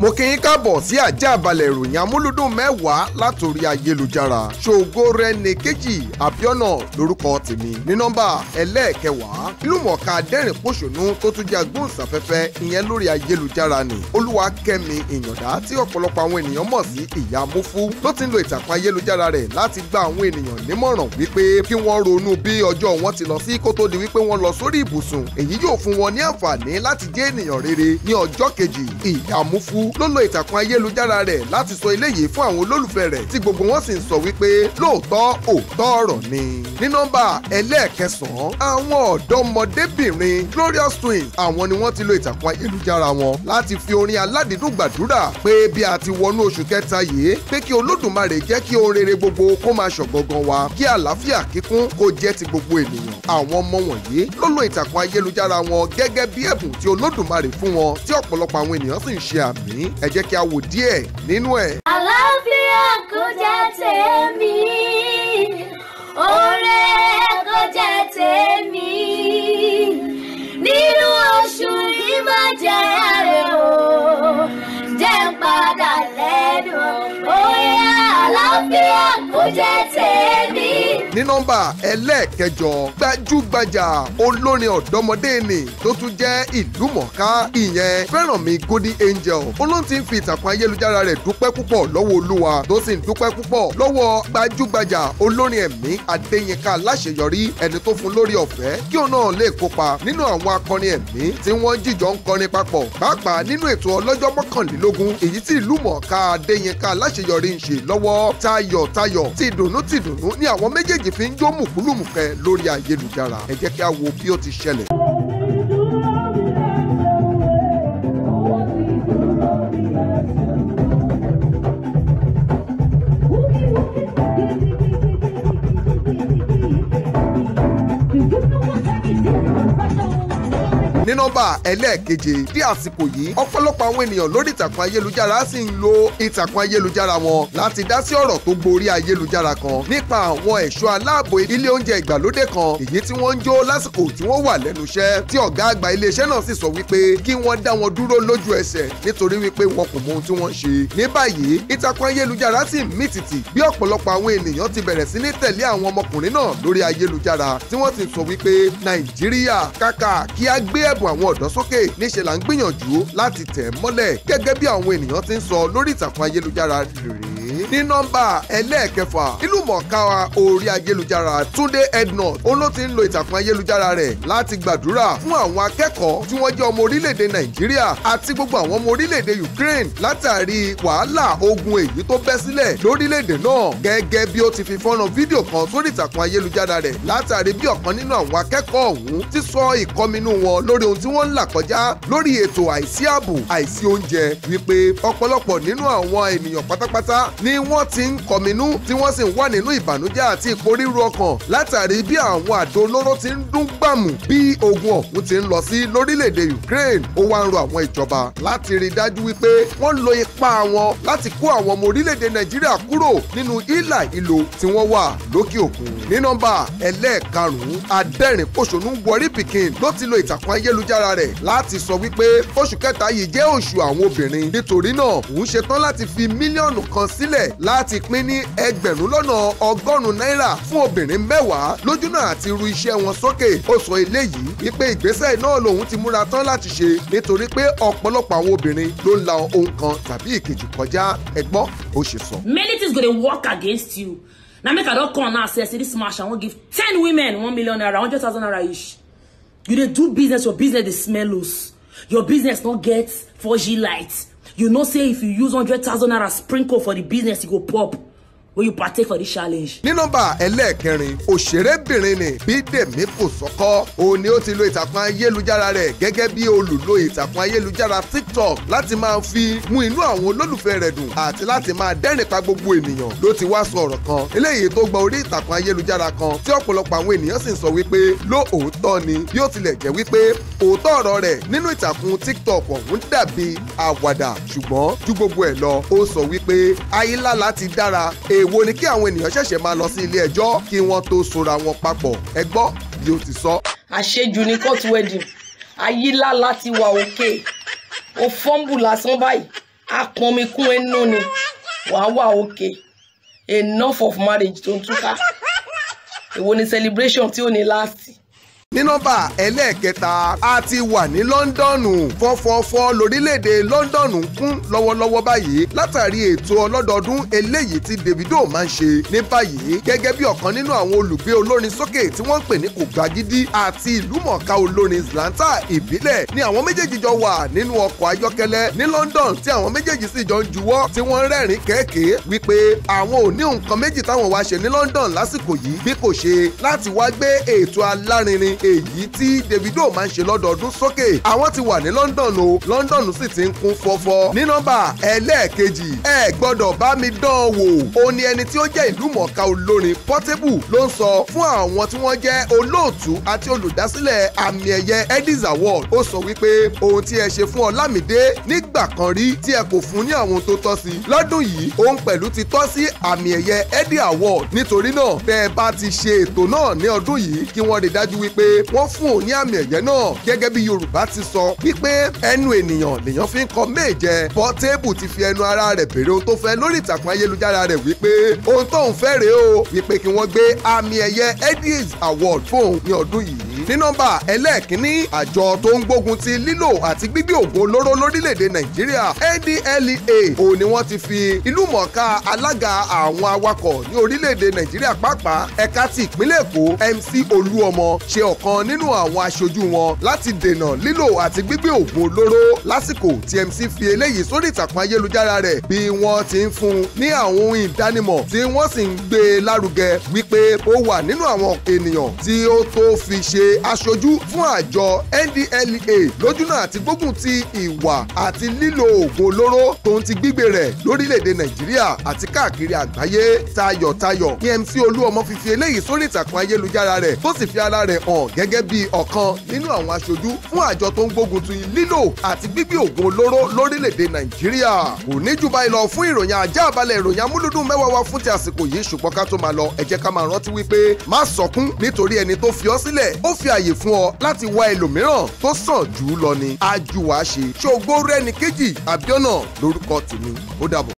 mo kí yín káàbọ̀ sí àjà àbálẹ̀ ìròyìn amúlùdùn mẹ́wàá látòrí ayélujára ṣògo rẹ ní kejì abiona lórúkọ tèmi ní nọ́mbà ẹlẹ́ẹ̀kẹwàá ìlúmọ̀ọ́ká dẹ́rìn pòṣónú tó tún jẹ́ agbóhùnsáfẹ́fẹ́ ìyẹn lórí ayélujára ni olúwakẹ́mi ìyàndá tí ọ̀pọ̀lọpọ̀ àwọn ènìyàn mọ̀ sí ìyá mufu ló ti ń lo ìtàkùn ayélujára rẹ̀ láti gba àwọn ènìyàn nímọ̀ràn wípé kí wọ́n ronú bí ọjọ́ wọn ti lọ sí kó tó di wípé wọ́n lọ sórí ibùsùn mufu Tinubu ló lo ìtàkùn ayélujára rẹ̀ láti sọ eléyìí fún àwọn olólùfẹ́ rẹ̀ tí gbogbo wọn sì ń sọ wípé lóòótọ́ òótọ́ ọ̀rọ̀ ni. ní nọ́mbà ẹlẹ́ẹ̀kẹsàn-án àwọn ọ̀dọ́mọdébìnrin Glorious Twins àwọn ni wọ́n ti lo ìtàkùn ayélujára wọn láti fi orin aládìídùn gbàdúrà pé bí a ti wọnú oṣù kẹta yìí pé kí olódùmarè jẹ́ kí ohun rere gbogbo kó máa ṣọ̀gọ̀gàn wa kí àlàáfíà kíkún kó jẹ́ ti gbogbo ènìyàn àwọn ọmọ wọ̀nyí ló lo ìtàkùn ayélujára wọn gẹ́gẹ́ bí ẹ̀bùn tí olódùmarè fún wọn tí ọ̀pọ̀lọpọ̀ àwọn ènìyàn sì ń ṣe àmì ẹ jẹ́ kí a wò díẹ̀ nínú ẹ̀. àlàáfíà kò jẹ́ tèmi oore kò jẹ́ tèmi nínú oṣù yìí má jẹ́ rẹ̀ o jẹ́ padà lẹ́nu òye àlàáfíà kò jẹ́ tèmi ní nọ́mbà ẹlẹ́ẹ̀kẹjọ gbajúgbajà olórin ọ̀dọ́mọdé ni tó tún jẹ́ ìlúmọ̀ọ́ká ìyẹn Fẹ́rànmi godi Angel olóhùn ti ń fi ìtàkùn ayélujára rẹ̀ dúpẹ́ púpọ̀ lọ́wọ́ Olúwa tó sì ń dúpẹ́ púpọ̀ lọ́wọ́ gbajúgbajà olórin ẹ̀mí Adéyínká Aláṣeyọrí ẹni tó fún lórí ọ̀fẹ́ kí òun náà lè kópa nínú àwọn akọrin ẹ̀mí tí wọ́n jìjọ ń kọrin papọ̀ pàápàá nínú ètò ọlọ́jọ́ mọ́kànlélógún èyí tí ìlúmọ̀ọ́ká Adéyínká Aláṣeyọrí ń ṣe lọ́wọ́ tayọ̀tayọ̀ tìdùnnú tìdùnnú ní àwọn méjèèjì ti fi ń jó mùkúlùmùkẹ́ lórí ayélujára ẹ jẹ́ kí a wo bí ó ti ṣẹlẹ̀. ní nọ́mbà ẹlẹ́ẹ̀keje di àsìkò yìí ọ̀pọ̀lọpọ̀ àwọn ènìyàn lórí ìtàkùn ayélujára sì ń lo ìtàkùn ayélujára wọn láti dá sí ọ̀rọ̀ tó gborí ayélujára kan nípa àwọn ẹ̀ṣọ́ aláàbò ilé oúnjẹ ìgbàlódé kan èyí tí wọ́n ń jó lásìkò tí wọ́n wà lẹ́nu iṣẹ́ tí ọ̀gá àgbà iléeṣẹ́ náà sì sọ wípé kí wọ́n dá wọn dúró lójú ẹsẹ̀ nítorí wípé wọn kò mọ ohun tí wọ́n ń ṣe ní báyìí ìtàkùn ayélujára sì ń mìtìtì bí ọ̀pọ̀lọpọ̀ àwọn ènìyàn ti bẹ̀rẹ̀ sí ní tẹ̀lé àwọn ọmọkùnrin náà lórí ayélujára tí wọ́n ti sọ wípé nàìjíríà kàkà kí á gbé ẹ̀ ẹ̀bùn àwọn ọ̀dọ́ sókè níṣẹ́ là ń gbìyànjú láti tẹ̀ mọ́lẹ̀ gẹ́gẹ́ bí àwọn ènìyàn ti ń sọ lórí ìtàkùn ayélujára rèé ní nọ́mbà ẹlẹ́ẹ̀kẹfà ìlúmọ̀ọ́ká orí ayélujára Túndé Ednut òun ló ti ń lo ìtàkùn ayélujára rẹ̀ láti gbàdúrà fún àwọn akẹ́kọ̀ọ́ tí wọ́n jẹ́ ọmọ orílẹ̀-èdè Nàìjíríà àti gbogbo àwọn ọmọ orílẹ̀-èdè Ukraine látàrí wàhálà ogun èyí tó bẹ́ sílẹ̀ lórílẹ̀-èdè náà gẹ́gẹ́ bí ó ti fi fọ́nà fídíò kan sórí ìtàkùn ayélujára rẹ̀ látàrí bí ọ̀kan nínú àwọn akẹ́kọ̀ọ́ ọ̀hún ti sọ ìkọminú wọn lórí ohun tí wọ́n ń là kọjá lórí ètò àìsí ààbò àìsí oúnjẹ wípé ọ̀pọ̀lọpọ̀ nínú àwọn ènìyàn pátápátá ní wọ́n ti ń kọ̀mínú tí wọ́n sì ń wà nínú ìbànújẹ́ àti ìporíru ọkàn látàrí bí àwọn àdó olóró ti ń dún gbàmù bí ogun ọ̀hún ti ń lọ sí lórílẹ̀‐èdè Ukraine ó wá ń rọ àwọn ìjọba láti rí dájú wípé wọ́n lo ipá wọn láti kó àwọn ọmọ orílẹ̀‐èdè Nàìjíríà kúrò nínú ìlà ìlò tí wọ́n wà lókè òkun ní nọ́mbà ẹlẹ́ẹ̀karùn-ún adẹ́rìn pòṣónú wọrí pikin ló ti lo ìtàkùn ayélujára rẹ̀ láti sọ wípé oṣù kẹta yìí jẹ́ oṣù àwọn obìnrin nítorí náà òun ṣetán láti fi mílíọ̀nù kan sílẹ̀ láti pín ní ẹgbẹ̀rún lọ́nà ọgọ́rùn-ún náírà fún obìnrin mẹ́wàá lójúnà àti ru iṣẹ́ wọn sókè ó sọ eléyìí wípé ìgbésẹ̀ náà lòun ti múra tán láti ṣe nítorí pé ọ̀pọ̀lọpọ̀ àwọn obìnrin ló ń la ohun kan tàbí ìkejì kọjá ẹ̀gbọ́n ó ṣe sọ. many things go dey work against you na make i don come now say say this march i wan give ten women one million naira hundred thousand naira each you dey do business your business dey smell loose. your business no get 4g light you know say if you use 100,000 naira sprinkle for the business e go pop will you partake for this challenge. ní nọ́mbà ẹlẹ́ẹ̀kẹrin òṣèrébìnrin ni Bídèmí Kòsọ́kọ́ òun ni ó ti lo ìtàkùn ayélujára rẹ̀ gẹ́gẹ́ bí olùlò ìtàkùn ayélujára TikTok láti máa fi mú inú àwọn olólùfẹ́ rẹ̀ dùn àti láti máa dẹ́rìn pa gbogbo ènìyàn ló ti wá sọ ọ̀rọ̀ kan eléyìí tó gba orí ìtàkùn ayélujára kan tí ọ̀pọ̀lọpọ̀ àwọn ènìyàn sì ń sọ wípé ló òótọ́ ni bí ó tilẹ̀ jẹ́ wípé òótọ́ ọ̀rọ̀ rẹ̀ nínú ìtàkùn TikTok ọ̀hún dàbí àwàdà ṣùgbọ́n ju gbogbo ẹ̀ lọ ó sọ wípé ayílála ti dára ew èwo ni kí àwọn ènìyàn ṣẹ̀ṣẹ̀ máa lọ sí ilé ẹjọ́ kí wọ́n tó sora wọn papọ̀ ẹ gbọ́ bí ó ti sọ. àṣejù ni court wedding ayílá láti wà òkè o fọ́ǹbù lásán báyìí apọnmikún ẹnu ni wàá wà òkè enough of marriage tó ń túká èwo ni celebration tí ò ní láàsì ní nọ́mbà ẹlẹ́ẹ̀kẹta a ti wà ní lọ́ńdọ̀nù fọ́fọ́fọ́ lórílẹ̀‐èdè lọ́ńdọ̀nù kún lọ́wọ́lọ́wọ́ báyìí látàrí ètò ọlọ́dọọdún eléyìí tí Davido máa ń ṣe ní báyìí gẹ́gẹ́ bí ọ̀kan nínú àwọn olùgbé olórin sókè tí wọ́n ń pè ní Kògbágídí àti ìlúmọ̀ọ́ká olórin Zlanta ìbílẹ̀ ni àwọn méjèèjì jọ wà nínú ọkọ̀ ayọ́kẹ́lẹ́ ní London tí àwọn méjèèjì sì jọ ń juwọ́ tí wọ́n rẹ́rìn kẹ́kẹ́ wípé àwọn ò ní London lásìkò yìí bí kò ṣe láti wá gbé ètò èyí tí Davido máa ń ṣe lọ́dọọdún sókè àwọn ti wà ní London o London sì ti ń kún fọ́fọ́ ní nọ́mbà ẹlẹ́ẹ̀kejì ẹ gbọ́dọ̀ bá mi dán wò ó ní ẹni tí ó jẹ́ ìlú mọ̀ọ́ká olórin Portable ló ń sọ fún àwọn tí wọ́n jẹ́ olóòtú àti olùdásílẹ̀ àmì ẹ̀yẹ Edis Award ó sọ wípé ohun tí ẹ ṣe fún Ọlámídé nígbà kan rí tí ẹ kò fún ní àwọn tó tọ́ sí lọ́dún yìí òun pẹ̀lú ti tọ́ sí àmì ẹ̀yẹ Edis Award nítorí náà tẹ́ ẹ bá ti ṣe ètò náà ní ọdún yìí kí wọ́n rí dájú wípé wọ́n fún òun ní àmì ẹ̀yẹ náà gẹ́gẹ́ bí Yorùbá ti sọ wípé ẹnu ènìyàn lèèyàn fi ń kọ méje Portable ti fi ẹnu ara rẹ̀ béèrè ohun tó fẹ́ lórí ìtàkùn ayélujára rẹ̀ wípé ohun tóun fẹ́ rèé o wípé kí wọ́n gbé àmì ẹ̀yẹ Edis Award fóun ní ọdún yìí ní nọ́mbà ẹlẹ́ẹ̀kínní àjọ tó ń gbógun ti lílò àti gbígbé òògùn olóró lórílẹ̀‐èdè nàìjíríà ndlea ò ní wọ́n ti fi ìlú mọ̀ọ́ká alága àwọn awakọ̀ ní orílẹ̀‐èdè nàìjíríà pàápàá ẹ̀ka ti ìpínlẹ̀ èkó mc olúọmọ ṣe ọ̀kan nínú àwọn aṣojú wọn láti dènà lílò àti gbígbé òògùn olóró lásìkò tí mc fi eléyìí sórí ìtàkùn ayélujára rẹ̀ bí wọ́n ti ń fún un ní àwọn ohun ìdánimọ̀ tí wọ́n sì ń gbé e lárugẹ wípé ó wà nínú àwọn ènìyàn tí ó tó fi ṣe aṣojú fún àjọ NDLEA lójúnà àti gbógun ti ìwà àti lílo oògùn olóró tòun ti gbígbé rẹ̀ lórílẹ̀‐èdè Nàìjíríà àti káàkiri àgbáyé tayọ̀tayọ̀ ní MC Olúọmọ fífi eléyìí sórí ìtàkùn ayélujára rẹ̀ tó sì fi ara rẹ̀ hàn gẹ́gẹ́ bí ọ̀kan nínú àwọn aṣojú fún àjọ tó ń gbógun ti lílo àti gbígbé oògùn olóró lórílẹ̀‐èdè Nàìjíríà kò ní jù báyìí lọ fún ìròyìn ajá àbálẹ̀ ìròyìn amúlùdùn mẹ́wàá wa fún ti àsìkò yìí ṣùgbọ́n ká tó máa lọ ẹ ká máa rántí wípé má sọkún nítorí ẹni tó fi ọ́ sílẹ̀ ó fi fi àyè fún ọ láti wá ẹlòmíràn tó sàn jù ú lọ ni ajúwàá ṣe ṣògo rẹ́ni kejì àbíọ́nà lórúkọ tèmi ó dàbọ̀.